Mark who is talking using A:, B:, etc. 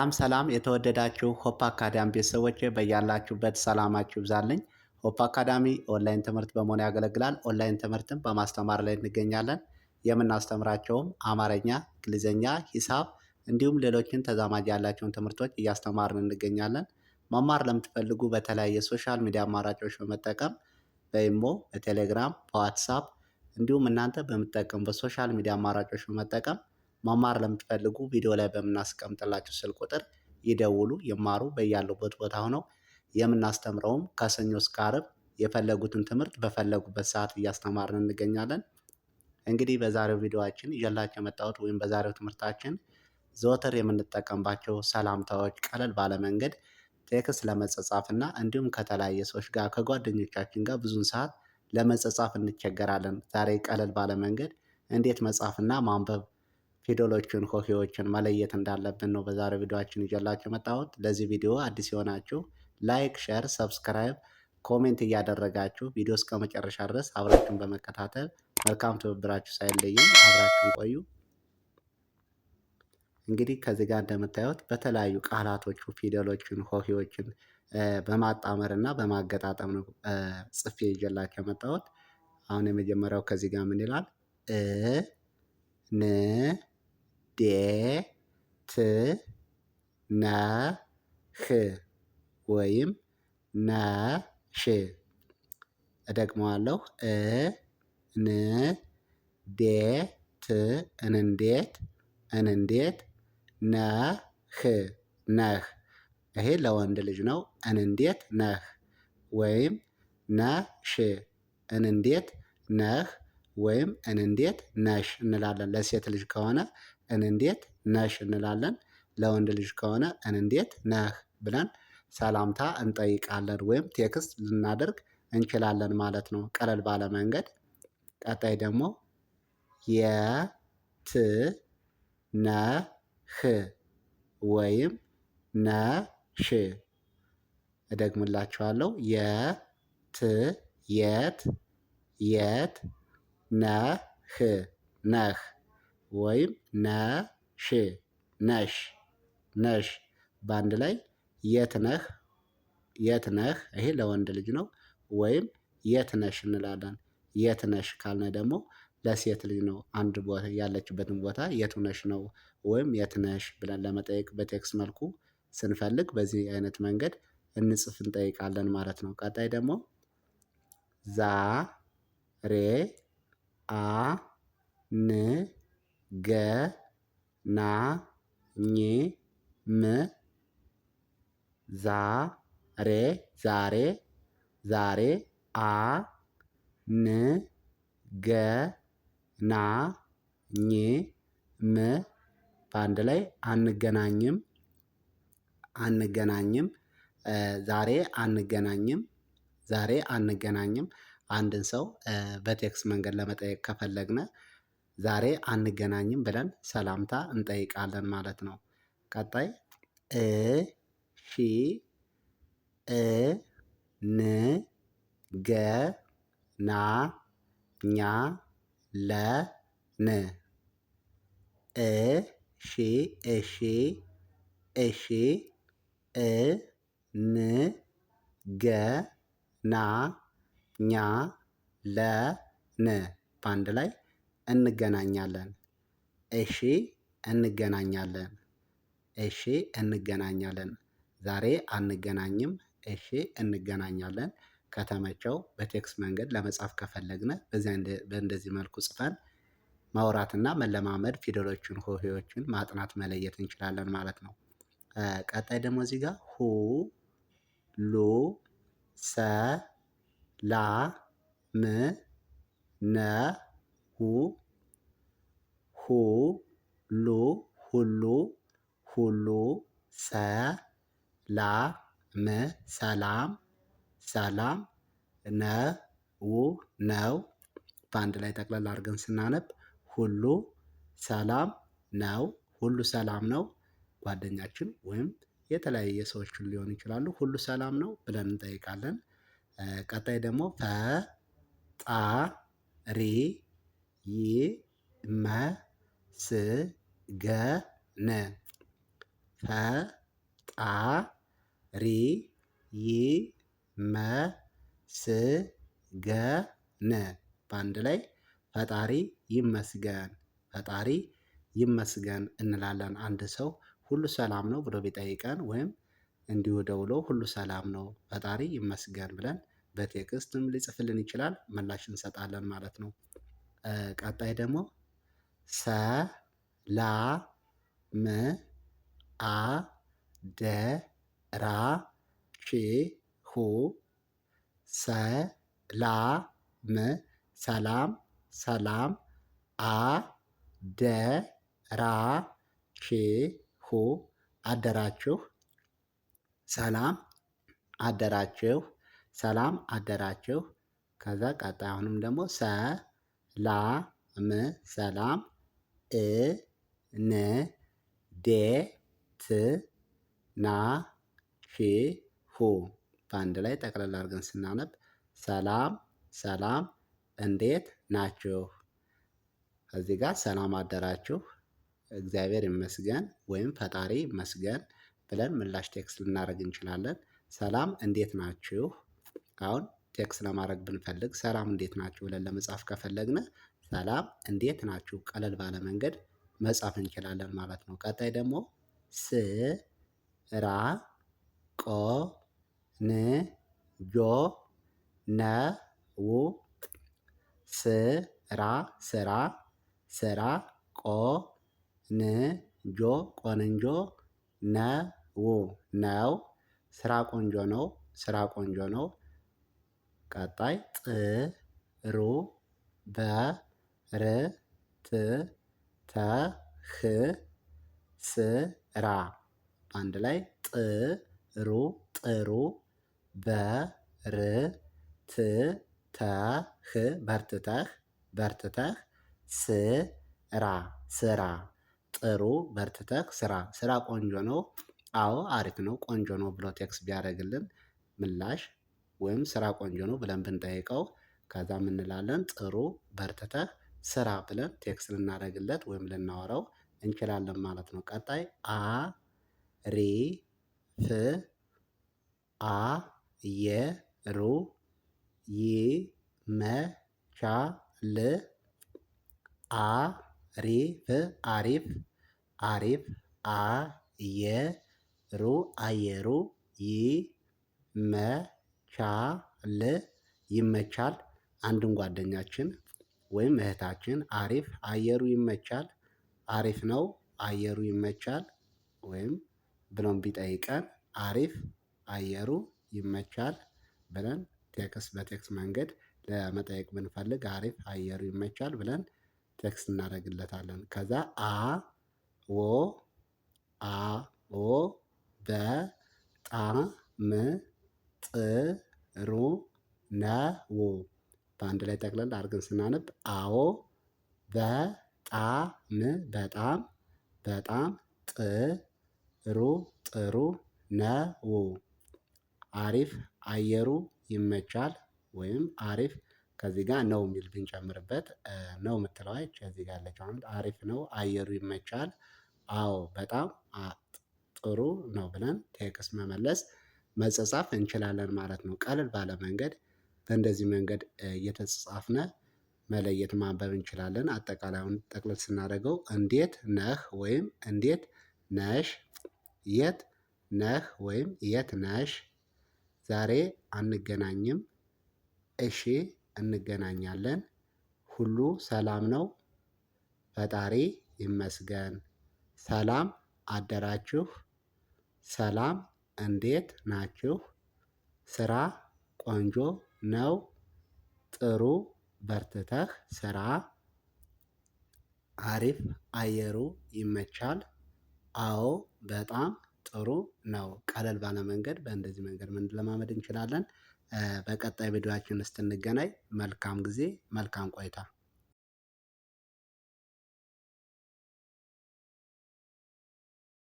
A: ሰላም ሰላም የተወደዳችሁ ሆፕ አካዳሚ ቤተሰቦች በያላችሁበት ሰላማችሁ ይብዛልኝ። ሆፕ አካዳሚ ኦንላይን ትምህርት በመሆን ያገለግላል። ኦንላይን ትምህርትን በማስተማር ላይ እንገኛለን። የምናስተምራቸውም አማርኛ፣ እንግሊዝኛ፣ ሂሳብ እንዲሁም ሌሎችን ተዛማጅ ያላቸውን ትምህርቶች እያስተማርን እንገኛለን። መማር ለምትፈልጉ በተለያየ ሶሻል ሚዲያ አማራጮች በመጠቀም በኢሞ፣ በቴሌግራም፣ በዋትሳፕ እንዲሁም እናንተ በምትጠቀሙ በሶሻል ሚዲያ አማራጮች በመጠቀም መማር ለምትፈልጉ ቪዲዮ ላይ በምናስቀምጥላችሁ ስልክ ቁጥር ይደውሉ፣ ይማሩ። በያሉበት ቦታ ሆነው የምናስተምረውም ከሰኞ እስከ ዓርብ የፈለጉትን ትምህርት በፈለጉበት ሰዓት እያስተማርን እንገኛለን። እንግዲህ በዛሬው ቪዲዮችን ይዤላችሁ የመጣሁት ወይም በዛሬው ትምህርታችን ዘወትር የምንጠቀምባቸው ሰላምታዎች ቀለል ባለመንገድ ቴክስት ለመጸጻፍ እና እንዲሁም ከተለያየ ሰዎች ጋር ከጓደኞቻችን ጋር ብዙን ሰዓት ለመጸጻፍ እንቸገራለን። ዛሬ ቀለል ባለመንገድ እንዴት መጻፍና ማንበብ ፊደሎችን ሆሄዎችን መለየት እንዳለብን ነው በዛሬው ቪዲዮችን ይዤላችሁ የመጣሁት። ለዚህ ቪዲዮ አዲስ የሆናችሁ ላይክ፣ ሸር፣ ሰብስክራይብ፣ ኮሜንት እያደረጋችሁ ቪዲዮ እስከ መጨረሻ ድረስ አብራችሁን በመከታተል መልካም ትብብራችሁ ሳይለይም አብራችሁን ቆዩ። እንግዲህ ከዚህ ጋር እንደምታዩት በተለያዩ ቃላቶቹ ፊደሎችን ሆሄዎችን በማጣመር እና በማገጣጠም ነው ጽፌ ይዤላችሁ የመጣሁት። አሁን የመጀመሪያው ከዚህ ጋር ምን ይላል? እ ን ዴት ነህ ወይም ነሽ እደግመዋለሁ እ ን ዴ ት እንዴት እንዴት ነህ ነህ ይሄ ለወንድ ልጅ ነው እንዴት ነህ ወይም ነሽ እንዴት ነህ ወይም እንዴት ነሽ እንላለን። ለሴት ልጅ ከሆነ እንዴት ነሽ እንላለን። ለወንድ ልጅ ከሆነ እንዴት ነህ ብለን ሰላምታ እንጠይቃለን ወይም ቴክስት ልናደርግ እንችላለን ማለት ነው። ቀለል ባለ መንገድ ቀጣይ ደግሞ የት ነህ ወይም ነሽ እደግምላችኋለሁ። የት የት የት ነህ ነህ ወይም ነሽ ነሽ ነሽ በአንድ ላይ የት ነህ የት ነህ? ይሄ ለወንድ ልጅ ነው። ወይም የት ነሽ እንላለን። የት ነሽ ካልነ ደግሞ ለሴት ልጅ ነው። አንድ ቦታ ያለችበትን ቦታ የቱ ነሽ ነው ወይም የት ነሽ ብለን ለመጠየቅ በቴክስት መልኩ ስንፈልግ በዚህ አይነት መንገድ እንጽፍ እንጠይቃለን ማለት ነው። ቀጣይ ደግሞ ዛሬ አ ን ገ ና ኝ ም ዛ ሬ ዛሬ ዛሬ አ ን ገ ና ኝ ም በአንድ ላይ አንገናኝም አንገናኝም ዛሬ አንገናኝም ዛሬ አንገናኝም። አንድን ሰው በቴክስት መንገድ ለመጠየቅ ከፈለግነ። ዛሬ አንገናኝም ብለን ሰላምታ እንጠይቃለን ማለት ነው። ቀጣይ እ ሺ እ ን ገ ና ኛ ለ ን እ ሺ እሺ እሺ እ ን ገ ና ኛ ለ ን በአንድ ላይ እንገናኛለን። እሺ እንገናኛለን። እሺ እንገናኛለን። ዛሬ አንገናኝም እሺ እንገናኛለን። ከተመቸው በቴክስት መንገድ ለመጻፍ ከፈለግነ በእንደዚህ መልኩ ጽፈን ማውራትና መለማመድ ፊደሎችን ሆሄዎችን ማጥናት መለየት እንችላለን ማለት ነው። ቀጣይ ደግሞ እዚህ ጋር ሁ ሉ ሰ ላ ም ነ ሁ ሁ ሉ ሁሉ ሁሉ ሰ ላ ም ሰላም ሰላም ነው ነው በአንድ ላይ ጠቅለል አድርገን ስናነብ ሁሉ ሰላም ነው ሁሉ ሰላም ነው። ጓደኛችን ወይም የተለያየ ሰዎችን ሊሆኑ ይችላሉ። ሁሉ ሰላም ነው ብለን እንጠይቃለን። ቀጣይ ደግሞ ፈጣሪ ይመ ስገነ ፈጣሪ ይመስገን። በአንድ ላይ ፈጣሪ ይመስገን፣ ፈጣሪ ይመስገን እንላለን። አንድ ሰው ሁሉ ሰላም ነው ብሎ ቢጠይቀን ወይም እንዲሁ ደውሎ ሁሉ ሰላም ነው ፈጣሪ ይመስገን ብለን በቴክስትም ሊጽፍልን ይችላል። ምላሽ እንሰጣለን ማለት ነው። ቀጣይ ደግሞ ሰ ላ ም አ ደ ራ ሺ ሁ ሰ ላ ም ሰላም ሰላም አ ደ ራ ሺ ሁ አደራችሁ ሰላም አደራችሁ ሰላም አደራችሁ። ከዛ ቀጣይ አሁንም ደግሞ ሰ ላ ም ሰላም እ ን ዴ ት ና ሺ ሁ በአንድ ላይ ጠቅለል አድርገን ስናነብ ሰላም ሰላም እንዴት ናችሁ? እዚህ ጋር ሰላም አደራችሁ እግዚአብሔር ይመስገን ወይም ፈጣሪ ይመስገን ብለን ምላሽ ቴክስት ልናደርግ እንችላለን። ሰላም እንዴት ናችሁ? አሁን ቴክስ ለማድረግ ብንፈልግ ሰላም እንዴት ናችሁ ብለን ለመጻፍ ከፈለግን ሰላም እንዴት ናችሁ? ቀለል ባለ መንገድ መጻፍ እንችላለን ማለት ነው። ቀጣይ ደግሞ ስ ራ ቆ ን ጆ ነ ው ስ ራ ስራ ስራ ቆ ን ጆ ቆንጆ ነ ው ነው ስራ ቆንጆ ነው። ስራ ቆንጆ ነው። ቀጣይ ጥሩ በ ርትተህ ስራ በአንድ ላይ ጥሩ ጥሩ በርትተህ በርትተህ በርትተህ ስራ ስራ ጥሩ በርትተህ ስራ ስራ ቆንጆ ነው። አዎ አሪፍ ነው ቆንጆ ነው ብሎ ቴክስ ቢያደርግልን ምላሽ ወይም ስራ ቆንጆ ነው ብለን ብንጠይቀው ከዛ ምን እንላለን? ጥሩ በርትተህ ስራ ብለን ቴክስት ልናደርግለት ወይም ልናወራው እንችላለን ማለት ነው። ቀጣይ አ ሪ ፍ አ የ ሩ ይ መ ቻ ል አ ፍ አሪፍ አሪፍ አ የ ሩ አየሩ ይ መ ቻ ል ይመቻል። አንድን ጓደኛችን ወይም እህታችን አሪፍ አየሩ ይመቻል አሪፍ ነው አየሩ ይመቻል ወይም ብሎም ቢጠይቀን አሪፍ አየሩ ይመቻል ብለን ቴክስ በቴክስ መንገድ ለመጠየቅ ብንፈልግ አሪፍ አየሩ ይመቻል ብለን ቴክስ እናደርግለታለን። ከዛ አ ወ አ ወ በጣም ጥሩ ነው በአንድ ላይ ጠቅለል አድርገን ስናነብ አዎ በጣም በጣም በጣም ጥሩ ጥሩ ነው። አሪፍ አየሩ ይመቻል። ወይም አሪፍ ከዚህ ጋር ነው የሚል ብንጨምርበት ነው የምትለዋች ከዚህ ጋር ያለችው አሪፍ ነው፣ አየሩ ይመቻል። አዎ በጣም ጥሩ ነው ብለን ቴክስ መመለስ መጸጻፍ እንችላለን ማለት ነው። ቀለል ባለ መንገድ በእንደዚህ መንገድ እየተጻፍነ መለየት ማንበብ እንችላለን። አጠቃላዩን ጠቅለል ስናደርገው እንዴት ነህ ወይም እንዴት ነሽ፣ የት ነህ ወይም የት ነሽ፣ ዛሬ አንገናኝም፣ እሺ እንገናኛለን፣ ሁሉ ሰላም ነው፣ ፈጣሪ ይመስገን፣ ሰላም አደራችሁ፣ ሰላም እንዴት ናችሁ፣ ስራ ቆንጆ ነው። ጥሩ በርትተህ ስራ። አሪፍ አየሩ ይመቻል። አዎ በጣም ጥሩ ነው። ቀለል ባለ መንገድ በእንደዚህ መንገድ ምን ለማመድ እንችላለን። በቀጣይ ቪዲዮችን እስክንገናኝ መልካም ጊዜ መልካም ቆይታ